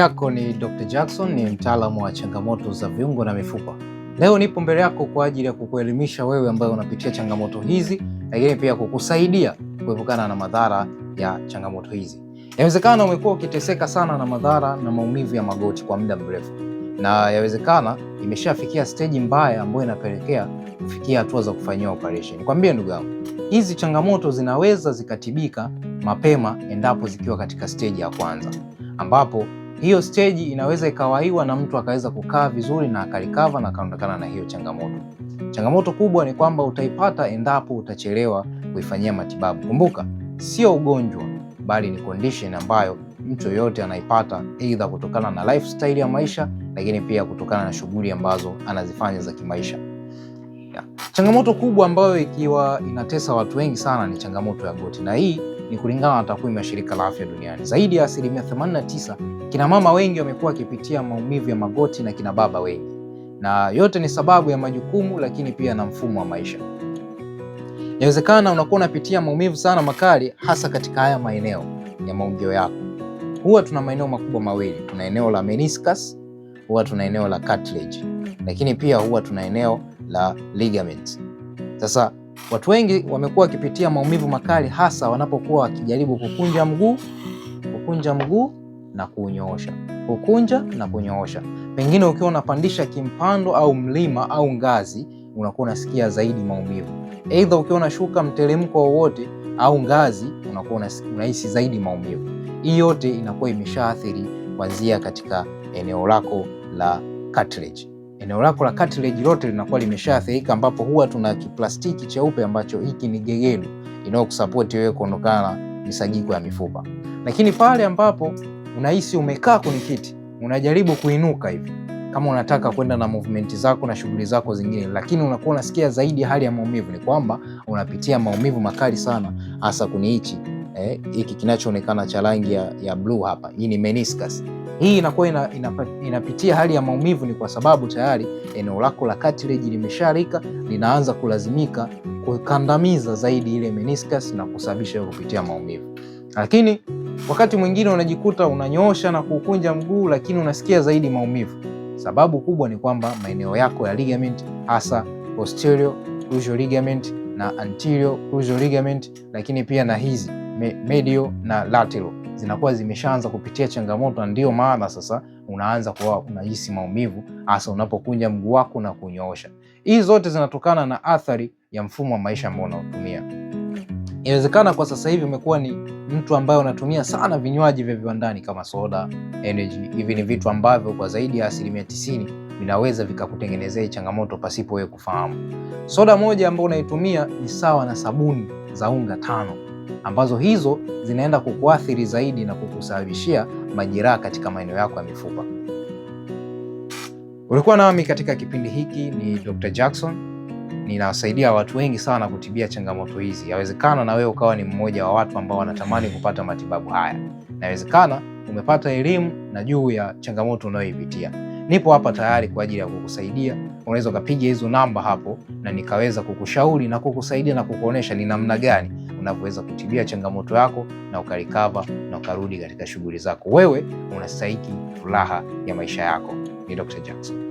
yako ni Dr. Jackson, ni mtaalamu wa changamoto za viungo na mifupa. Leo nipo mbele yako kwa ajili ya kukuelimisha wewe ambaye unapitia changamoto hizi, lakini pia kukusaidia kuepukana na madhara ya changamoto hizi. Yawezekana umekuwa ukiteseka sana na madhara na maumivu ya magoti kwa muda mrefu, na yawezekana imeshafikia steji mbaya ambayo inapelekea kufikia hatua za kufanyiwa operation. Nikwambie ndugu yangu, hizi changamoto zinaweza zikatibika mapema endapo zikiwa katika steji ya kwanza ambapo hiyo steji inaweza ikawaiwa na mtu akaweza kukaa vizuri na akarikava na akaondokana na hiyo changamoto. Changamoto kubwa ni kwamba utaipata endapo utachelewa kuifanyia matibabu. Kumbuka, sio ugonjwa bali ni condition ambayo mtu yoyote anaipata aidha kutokana na lifestyle ya maisha, lakini pia kutokana na shughuli ambazo anazifanya za kimaisha. Changamoto kubwa ambayo ikiwa inatesa watu wengi sana ni changamoto ya goti, na hii ni kulingana na takwimu ya shirika la afya duniani. Zaidi ya asilimia 89 kina mama wengi wamekuwa wakipitia maumivu ya magoti na kina baba wengi, na yote ni sababu ya majukumu, lakini pia na mfumo wa maisha. Inawezekana unakuwa unapitia maumivu sana makali, hasa katika haya maeneo ya maungio yako. Huwa tuna maeneo makubwa mawili, tuna eneo la meniscus, huwa tuna eneo la cartilage, lakini pia huwa tuna eneo la ligament. Sasa Watu wengi wamekuwa wakipitia maumivu makali hasa wanapokuwa wakijaribu kukunja mguu, kukunja mguu na kuunyoosha, kukunja na kunyoosha. Pengine ukiwa unapandisha kimpando au mlima au ngazi, unakuwa unasikia zaidi maumivu. Aidha, ukiwa unashuka mteremko wowote au ngazi, unakuwa unahisi zaidi maumivu. Hii yote inakuwa imeshaathiri kuanzia katika eneo lako la cartilage eneo lako la cartilage lote linakuwa limeshaathirika, ambapo huwa tuna kiplastiki cheupe ambacho hiki ni gegedu inayokusapoti wewe kuondokana na misagiko ya mifupa. Lakini pale ambapo unahisi umekaa kwenye kiti, unajaribu kuinuka hivi kama unataka kwenda na movement zako na shughuli zako zingine, lakini unakuwa unasikia zaidi hali ya maumivu, ni kwamba unapitia maumivu makali sana, hasa kwenye hichi eh, hiki eh, kinachoonekana cha rangi ya, ya bluu hapa. Hii ni meniscus. Hii inakuwa ina, ina, inapitia hali ya maumivu, ni kwa sababu tayari eneo lako la kati limesharika, linaanza kulazimika kukandamiza zaidi ile meniscus na kusababisha kupitia maumivu. Lakini wakati mwingine unajikuta unanyoosha na kukunja mguu, lakini unasikia zaidi maumivu. Sababu kubwa ni kwamba maeneo yako ya ligament hasa posterior cruciate ligament na anterior cruciate ligament, lakini pia na hizi medial na lateral zinakuwa zimeshaanza kupitia changamoto, na ndio maana sasa unaanza kuwa unahisi maumivu, hasa unapokunja mguu wako na kunyoosha. Hizi zote zinatokana na athari ya mfumo wa maisha ambao unaotumia. Inawezekana kwa sasa hivi umekuwa ni mtu ambaye unatumia sana vinywaji vya viwandani kama soda, energy. Hivi ni vitu ambavyo kwa zaidi ya asilimia tisini vinaweza vikakutengenezea changamoto pasipo wewe kufahamu. Soda moja ambayo unaitumia ni sawa na sabuni za unga tano ambazo hizo zinaenda kukuathiri zaidi na kukusababishia majeraha katika maeneo yako ya mifupa. Ulikuwa nami katika kipindi hiki, ni Dr. Jackson. Ninawasaidia watu wengi sana kutibia changamoto hizi. Yawezekana na wewe ukawa ni mmoja wa watu ambao wanatamani kupata matibabu haya. Nawezekana umepata elimu na juu ya changamoto unayoipitia. Nipo hapa tayari kwa ajili ya kukusaidia unaweza ukapiga hizo namba hapo na nikaweza kukushauri na kukusaidia na kukuonesha ni namna gani unavyoweza kutibia changamoto yako na ukarikava na ukarudi katika shughuli zako, wewe unastahiki furaha ya maisha yako. Ni Dr. Jackson.